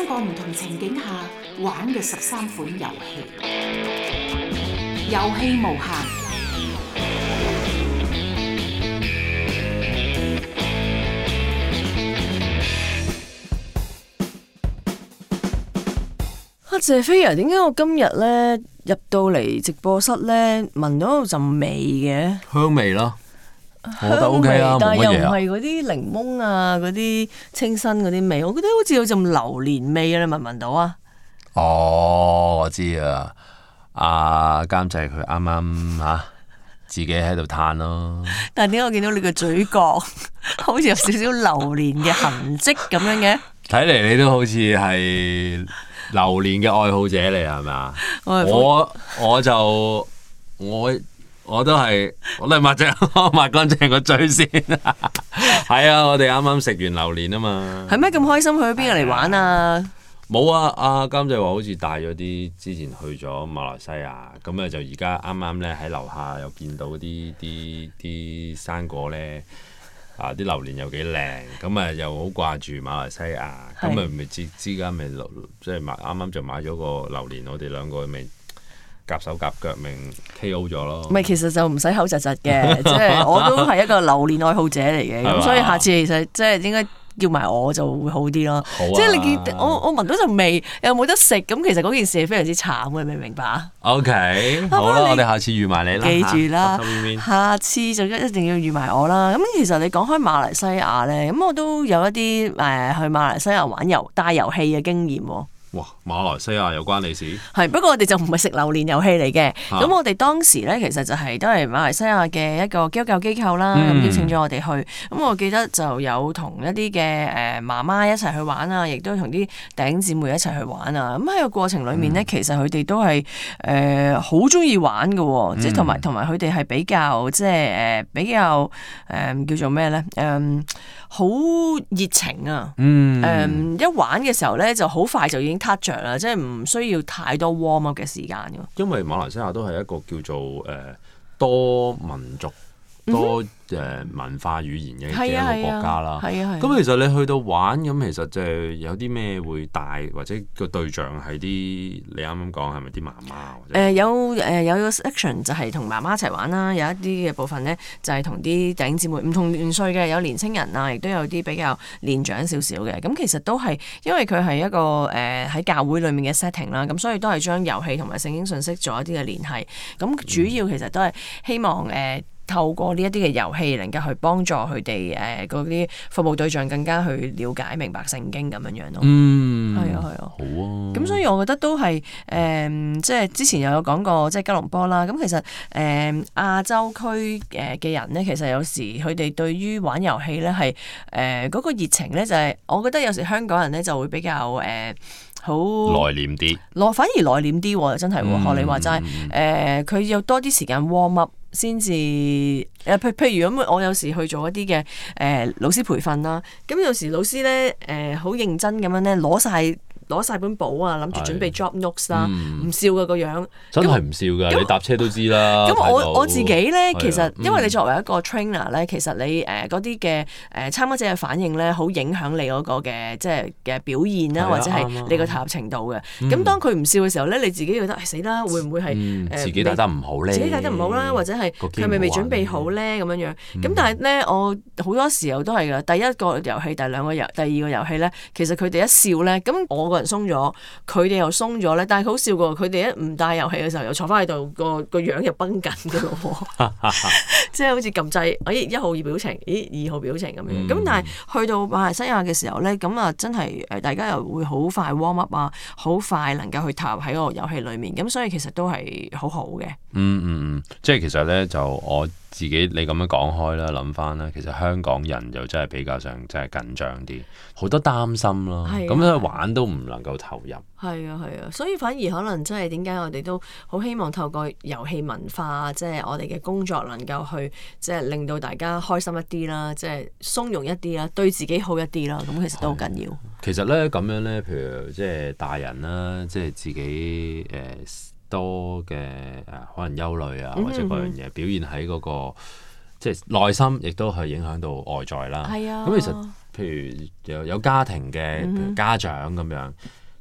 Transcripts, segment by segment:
三個唔同情景下玩嘅十三款遊戲，遊戲無限。啊，謝飛啊，點解我今日咧入到嚟直播室咧，聞到嗰陣味嘅香味囉？我覺得 OK 味、啊，但係又唔係嗰啲檸檬啊，嗰啲、啊、清新嗰啲味，我覺得好似有陣榴蓮味啊！你聞唔聞到啊？哦，我知啊！阿監製佢啱啱吓自己喺度嘆咯。但係點解我見到你個嘴角 好似有少少榴蓮嘅痕迹咁樣嘅？睇嚟 你都好似係榴蓮嘅愛好者嚟，係咪啊？我我就我。我都係，我都係抹淨，抹乾淨個嘴先。係 啊，我哋啱啱食完榴槤啊嘛。係咩咁開心？去咗邊度嚟玩啊？冇、哎、啊！阿、啊、監製話好似帶咗啲，之前去咗馬來西亞，咁咧就而家啱啱咧喺樓下又見到啲啲啲生果咧。啊！啲榴槤又幾靚，咁啊又好掛住馬來西亞，咁啊唔接之間咪即係買啱啱就買咗個榴槤，我哋兩個咪。夾手夾腳命 KO 咗咯，唔係其實就唔使口窒窒嘅。 即係我都係一個榴蓮愛好者嚟嘅，咁 嗎所以下次其實即係應該叫埋我就會好啲咯。啊、即係你見我我聞到陣味又冇得食，咁其實嗰件事係非常之慘嘅，明唔明白？OK，好啦，我哋下次預埋你啦，記住啦，下次就一一定要預埋我啦。咁其實你講開馬來西亞咧，咁我都有一啲誒、呃、去馬來西亞玩遊帶遊戲嘅經驗喎。哇！馬來西亞又關你事？係不過我哋就唔係食榴蓮遊戲嚟嘅。咁、啊、我哋當時咧,其實就係、是、都係馬來西亞嘅一個教育機構啦，咁邀請咗我哋去。咁、嗯嗯、我記得就有同一啲嘅誒媽媽一齊去玩啊，亦都同啲頂姊妹一齊去玩啊。咁、嗯、喺、嗯、個過程裏面咧，其實佢哋都係誒好中意玩嘅，即係同埋同埋佢哋係比較即係誒比較誒、呃、叫做咩咧？誒好熱情啊！嗯誒、嗯、一玩嘅時候咧，就好快就已經。touch 著啦，即係唔需要太多 warm up 嘅時間。因為馬來西亞都係一個叫做誒、呃、多民族。多誒文化語言嘅一個國家啦，咁其實你去到玩咁，其實就係有啲咩會帶或者個對象係啲你啱啱講係咪啲媽媽？誒、呃、有誒、呃、有個 section 就係同媽媽一齊玩啦，有一啲嘅部分咧就係同啲弟兄姊妹唔同年歲嘅，有年青人啊，亦都有啲比較年長少少嘅。咁其實都係因為佢係一個誒喺、呃、教會裡面嘅 setting 啦，咁所以都係將遊戲同埋聖經信息做一啲嘅聯繫。咁主要其實都係希望誒。嗯透過呢一啲嘅遊戲，能夠去幫助佢哋誒嗰啲服務對象更加去了解、明白聖經咁樣樣咯。嗯，係啊，係啊，好啊。咁所以我覺得都係誒、呃，即係之前又有講過即係吉隆坡啦。咁其實誒、呃、亞洲區誒嘅人咧，其實有時佢哋對於玩遊戲咧係誒嗰個熱情咧，就係、是、我覺得有時香港人咧就會比較誒、呃、好內斂啲，內反而內斂啲喎，真係學、嗯、你話齋誒，佢、呃嗯、要多啲時間 warm up。先至誒，譬譬如咁，我有時去做一啲嘅誒老師培訓啦。咁有時老師咧誒，好、呃、認真咁樣咧攞晒。攞晒本簿啊，諗住準備 job notes 啦，唔笑噶個樣，真係唔笑噶，你搭車都知啦。咁我我自己咧，其實因為你作為一個 trainer 咧，其實你誒嗰啲嘅誒參加者嘅反應咧，好影響你嗰個嘅即係嘅表現啦，或者係你個投入程度嘅。咁當佢唔笑嘅時候咧，你自己覺得死啦，會唔會係自己帶得唔好咧？自己帶得唔好啦，或者係佢未未準備好咧咁樣樣。咁但係咧，我好多時候都係噶，第一個遊戲，第二個遊，第二個遊戲咧，其實佢哋一笑咧，咁我個。鬆咗，佢哋又鬆咗咧，但係佢好笑過，佢哋一唔帶遊戲嘅時候，又坐翻喺度，個個樣又崩緊㗎咯，即係 好似撳掣，咦、哎，一號二表情，咦、哎，二號表情咁樣。咁、嗯、但係去到馬來西亞嘅時候咧，咁啊真係誒，大家又會好快 warm up 啊，好快能夠去踏入喺個遊戲裡面，咁所以其實都係好好嘅。嗯嗯嗯，即係其實咧就我。自己你咁樣講開啦，諗翻啦。其實香港人就真係比較上真係緊張啲，好多擔心咯。咁樣、啊、玩都唔能夠投入。係啊係啊，所以反而可能真係點解我哋都好希望透過遊戲文化，即係我哋嘅工作能夠去，即係令到大家開心一啲啦，即係鬆容一啲啦，對自己好一啲啦，咁其實都好緊要、啊。其實呢，咁樣呢，譬如即係大人啦，即係自己誒。呃多嘅誒、啊，可能憂慮啊，或者各樣嘢表現喺嗰、那個即係、就是、內心，亦都係影響到外在啦。咁、啊、其實，譬如有有家庭嘅、嗯、哼家長咁樣。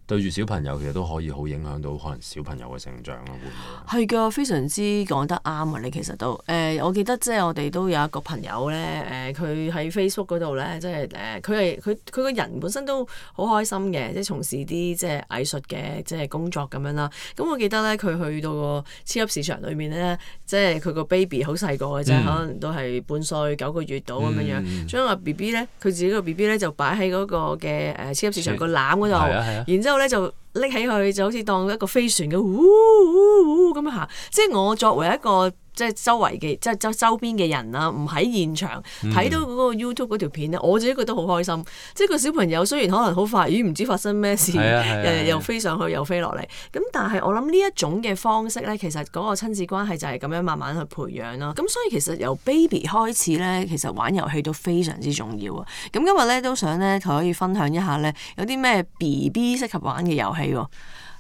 對住小朋友，其實都可以好影響到可能小朋友嘅成長咯，會唔會啊？係㗎，非常之講得啱啊！你其實都誒，我記得即係我哋都有一個朋友咧，誒，佢喺 Facebook 嗰度咧，即係誒，佢係佢佢個人本身都好開心嘅，即係從事啲即係藝術嘅即係工作咁樣啦。咁我記得咧，佢去到個超級市場裏面咧，即係佢個 baby 好細個嘅啫，可能都係半歲九個月到咁樣樣，將個 B B 咧，佢自己個 B B 咧就擺喺嗰個嘅誒超級市場個籃嗰度，然之後，咧 就拎起佢就好似當一個飛船嘅，嗚嗚嗚，咁樣行。即係我作為一個。即係周圍嘅，即係周周邊嘅人啦、啊，唔喺現場睇、嗯、到嗰個 YouTube 嗰條片咧，我自己覺得好開心。即係個小朋友雖然可能好快，咦？唔知發生咩事，嗯、又飛上去又飛落嚟。咁但係我諗呢一種嘅方式咧，其實嗰個親子關係就係咁樣慢慢去培養咯。咁所以其實由 baby 開始咧，其實玩遊戲都非常之重要啊。咁今日咧都想咧可以分享一下咧，有啲咩 BB 適合玩嘅遊戲喎、啊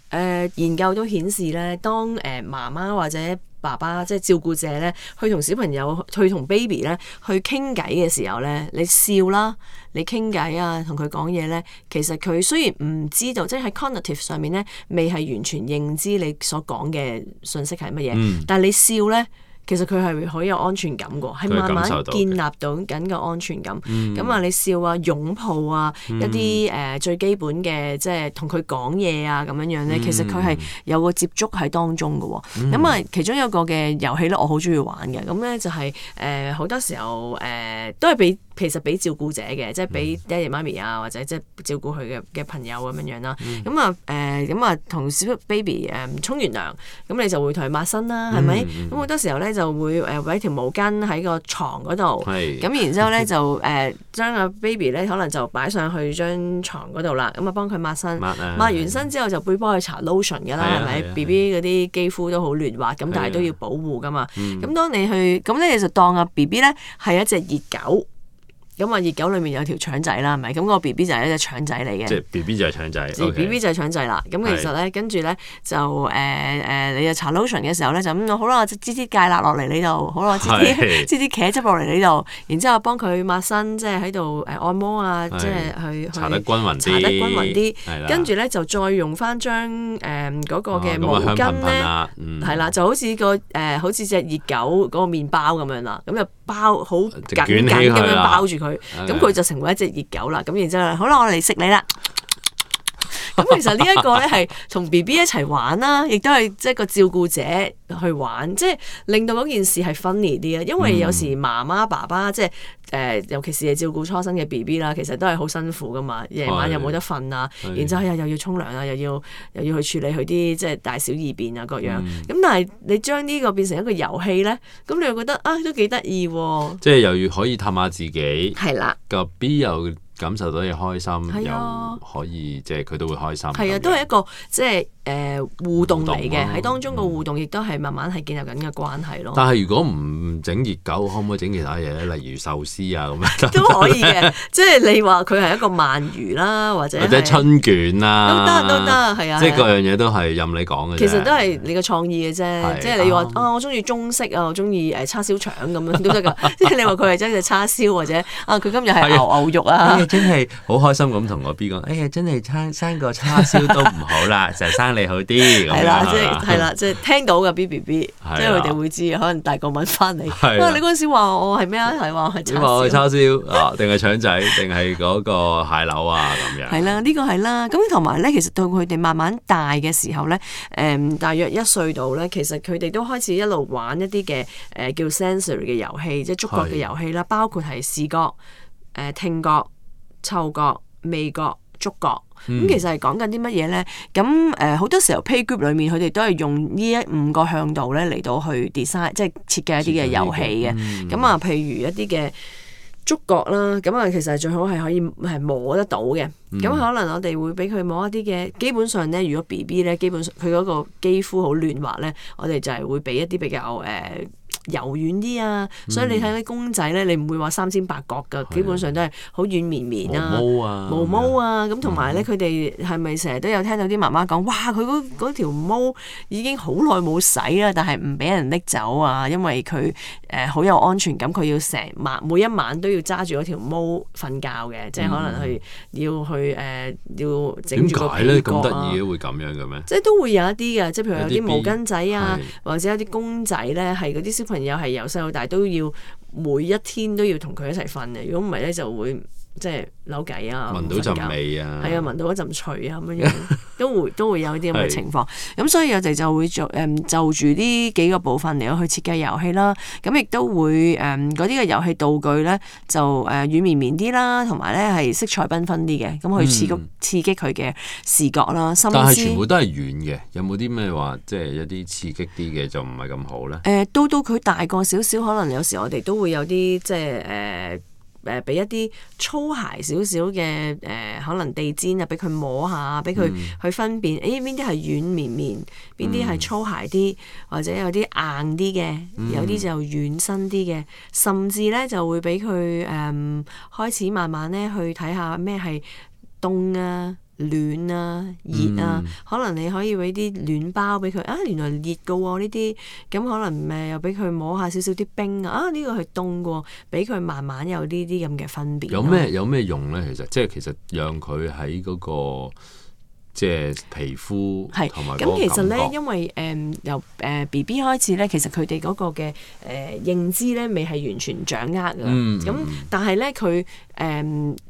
呃，研究都顯示咧，當誒、呃、媽媽或者。爸爸即係照顧者咧，去同小朋友，去同 baby 咧，去傾偈嘅時候咧，你笑啦，你傾偈啊，同佢講嘢咧，其實佢雖然唔知道，即係喺 cognitive 上面咧，未係完全認知你所講嘅信息係乜嘢，嗯、但係你笑咧。其實佢係好有安全感嘅，係慢慢建立到緊嘅安全感。咁啊、嗯，你笑啊、擁抱啊、嗯、一啲誒、呃、最基本嘅，即係同佢講嘢啊咁樣樣咧。嗯、其實佢係有個接觸喺當中嘅。咁啊、嗯，其中一個嘅遊戲咧，我好中意玩嘅。咁咧就係誒好多時候誒、呃、都係俾。其實俾照顧者嘅，即係俾爹哋媽咪啊，或者即係照顧佢嘅嘅朋友咁樣樣啦。咁啊誒，咁啊同小 baby 誒沖完涼，咁你就會同佢抹身啦，係咪？咁好多時候咧就會誒擺條毛巾喺個床嗰度，咁然之後咧就誒將個 baby 咧可能就擺上去張床嗰度啦，咁啊幫佢抹身。抹完身之後就幫佢去搽 lotion 㗎啦，係咪？B B 嗰啲肌膚都好嫩滑，咁但係都要保護㗎嘛。咁當你去，咁咧你就當阿 B B 咧係一隻熱狗。咁啊，熱狗裏面有條腸仔啦，係咪？咁、個 B B 就係一隻腸仔嚟嘅。即係 B B 就係腸仔。B B 就係腸仔啦。咁 OK 其實咧，跟住咧就誒誒、呃呃，你又搽 lotion 嘅時候咧，就嗯好啦，我支黐芥辣落嚟你度，好啦，支支黐茄汁落嚟你度，然之後幫佢抹身，即係喺度誒按摩啊，即係是去去搽得均勻啲，搽得均勻啲。跟住咧就再用翻張誒嗰個嘅毛巾咧，係啦、啊啊嗯，就好似個誒、呃、好似隻熱狗嗰個麵包咁樣啦，咁又。包好緊緊咁樣包住佢，咁佢就成為一隻熱狗啦。咁 Okay. 然之後，好啦，我嚟食你啦。咁、 嗯、其實呢一個咧係同 B B 一齊玩啦、啊，亦都係即係個照顧者去玩，即、就、係、是、令到嗰件事係 funny 啲啊。因為有時媽媽爸爸即係誒，尤其是係照顧初生嘅 B B 啦，其實都係好辛苦噶嘛。夜晚又冇得瞓啊，然之後又、哎、又要沖涼啊，又要又要去處理佢啲即係大小二便啊各樣。咁、嗯、但係你將呢個變成一個遊戲咧，咁你又覺得啊都幾得意喎！即係又要可以探下自己，係啦的，個 B 又。感受到嘢開心，又、啊、可以即係佢都會開心。係啊，樣都係一個，即係。誒互動嚟嘅，喺當中個互動亦都係慢慢係建立緊嘅關係咯。但係如果唔整熱狗，可唔可以整其他嘢咧？例如壽司啊咁樣都可以嘅，即係你話佢係一個鰻魚啦，或者或者春卷啦，都得都得，係啊，即係各樣嘢都係任你講嘅。其實都係你個創意嘅啫，即係你話啊，我中意中式啊，我中意誒叉燒腸咁樣都得㗎。即係你話佢係真係隻叉燒或者啊，佢今日係牛牛肉啊。哎呀，真係好開心咁同我 B 講，哎呀，真係生生個叉燒都唔好啦，成日生。係好啲，係啦，即係係啦，即係、就是就是、聽到嘅 B B B， 了即係佢哋會知，可能大個問翻 了你。係，因為你嗰陣時話我係咩啊？係話係叉燒，叉燒啊，定係腸仔，定係嗰個蟹柳啊咁樣。 係、這個、啦，呢個係啦。咁同埋咧，其實到佢哋慢慢大嘅時候咧，誒、嗯，大約一歲度咧，其實佢哋都開始一路玩一啲嘅誒叫 Sensory 嘅遊戲，即係觸覺嘅遊戲啦，的包括係視覺、誒、呃、聽覺、嗅覺、味覺。觸覺，咁其實係講緊啲乜嘢咧？咁誒好多時候 Play Group 裡面佢哋都係用呢一五個向度咧嚟到去 design，即係設計一啲嘅遊戲嘅。咁啊，譬、嗯、如一啲嘅觸覺啦，咁啊其實係最好係可以係摸得到嘅。咁、嗯、可能我哋會俾佢摸一啲嘅。基本上咧，如果 BB 咧，基本上佢嗰個肌膚好嫩滑咧，我哋就係會俾一啲比較誒。呃柔軟啲啊，嗯、所以你睇啲公仔咧，你唔會話三千八角噶，的基本上都係好軟綿綿啊、毛毛啊，咁同埋咧，佢哋係咪成日都有聽到啲媽媽講、嗯、哇？佢嗰條毛已經好耐冇洗啦，但係唔俾人拎走啊，因為佢。誒好、呃、有安全感，佢要成晚每一晚都要揸住嗰條毛瞓覺嘅，嗯、即係可能去要去誒、呃、要整個點解咧咁得意嘅會咁樣嘅咩？即係都會有一啲嘅，即係譬如有啲毛巾仔啊，些 B，或者有啲公仔咧，係嗰啲小朋友係由細到大都要每一天都要同佢一齊瞓嘅，如果唔係咧就會。即係扭計啊，聞到陣味角啊，係啊，聞到一陣脆啊咁樣，都會 都會有啲咁嘅情況。咁是所以我哋就會就誒、嗯、就住呢幾個部分嚟去設計遊戲啦。咁亦都會誒嗰啲嘅遊戲道具咧就誒軟綿綿啲啦，同埋咧係色彩繽紛啲嘅，咁去刺激刺激佢嘅視覺啦、心思。但係全部都係軟嘅，有冇啲咩話即係有啲刺激啲嘅就唔係咁好咧？誒，到到佢大個少少，可能有時我哋都會有啲即係誒。誒俾、呃、一啲粗鞋少少嘅誒，可能地氈，啊，俾佢摸下，俾佢去分辨，誒邊啲係軟綿綿，邊啲係粗鞋啲，或者有啲硬啲嘅，嗯、有啲就軟身啲嘅，甚至咧就會俾佢誒開始慢慢咧去睇下咩係凍啊。暖啊，熱啊，嗯、可能你可以俾啲暖包俾佢啊。原來熱嘅喎呢啲，咁可能誒又俾佢摸下少少啲冰啊。啊，呢、呢個係凍嘅喎，俾佢慢慢有呢啲咁嘅分別，啊有。有咩有咩用咧？其實即係其實讓佢喺嗰個。即係皮膚，係咁、嗯、其實咧，因為誒、呃、由誒、呃、B B 開始咧，其實佢哋嗰個嘅誒、呃、認知咧，未係完全掌握嘅。咁、嗯嗯、但係咧，佢誒、呃、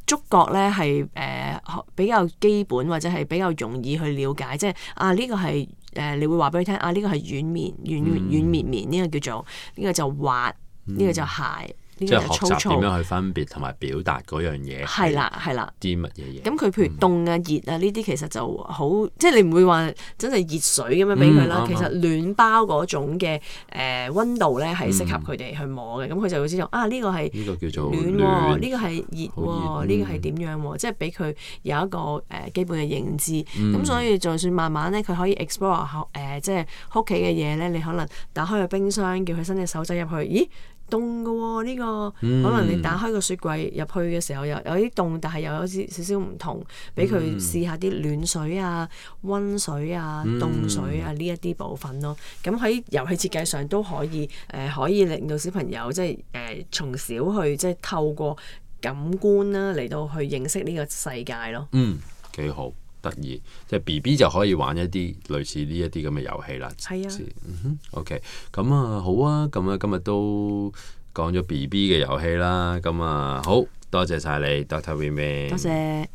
觸覺咧係誒比較基本或者係比較容易去了解，即、就、係、是、啊呢、這個係誒、呃、你會話俾佢聽啊呢、這個係軟綿軟軟綿軟、嗯、軟綿，呢、這個叫做呢、這個就滑，呢、嗯、個就鞋。即係學習點樣去分別同埋表達嗰樣嘢，係啦係啦，啲乜嘢嘢？咁佢、嗯、譬如凍啊熱啊呢啲其實就好，即係你唔會話真係熱水咁樣俾佢啦。嗯嗯、其實暖包嗰種嘅誒温度咧係適合佢哋去摸嘅，咁佢、嗯、就會知道啊呢、呢個係呢個叫做暖喎，呢、哦呢個係熱喎，呢熱個係點樣喎？嗯、即係俾佢有一個誒、呃、基本嘅認知。咁、嗯嗯、所以就算慢慢咧，佢可以 explore 學、呃呃、即係屋企嘅嘢咧，你可能打開個冰箱，叫佢伸隻手仔入去，咦？凍嘅喎呢個，嗯、可能你打開個雪櫃入去嘅時候有，有有啲凍，但係又有少少唔同，俾佢試下啲暖水啊、温水啊、凍水啊呢、嗯、一啲部分咯。咁喺遊戲設計上都可以誒、呃，可以令到小朋友即係誒從小去即係、即係、透過感官啦、啊、嚟到去認識呢個世界咯。嗯，幾好。得意，即係 B B 就可以玩一啲類似呢一啲咁嘅遊戲啦。係啊。嗯哼，O K，咁啊好啊，咁啊今日都講咗 B B 嘅遊戲啦。咁啊好多謝晒你，Dr. William。多謝。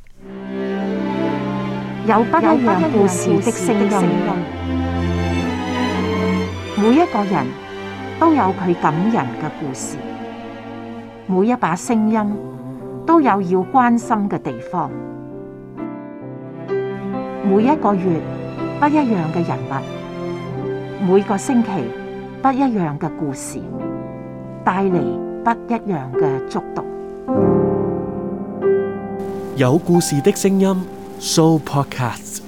有不一樣故事的聲音，每一個人都有佢感人嘅故事，每一把聲音都有要關心嘅地方。每一個月，不一樣嘅人物，每個星期，不一樣嘅故事，帶嚟不一樣嘅觸動。有故事嘅聲音，Show Podcast。